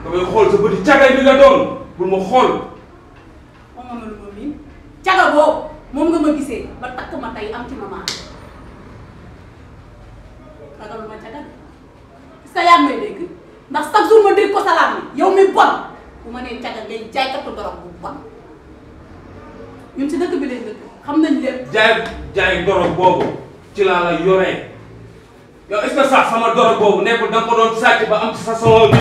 damay xool sa bëti cagay bi nga doon bul ma xool. xaw ma lu ma miin caga boobu moom nga ma gisee ba takk ma tey am ci maman ragal ma caga est-ce que yaa ngi may ndax chaque jour ma dégg ko salaam yow mi bon bu ma nee caga ngay jaaykatu dorog bu bon ñun ci dëkk bi lañ dëkk xam nañ lépp. jaay jaay dorog boobu ci laa la yoree yow est-ce que sax sama dorog boobu nekkul da ko doon sàcc ba am ci sa sama.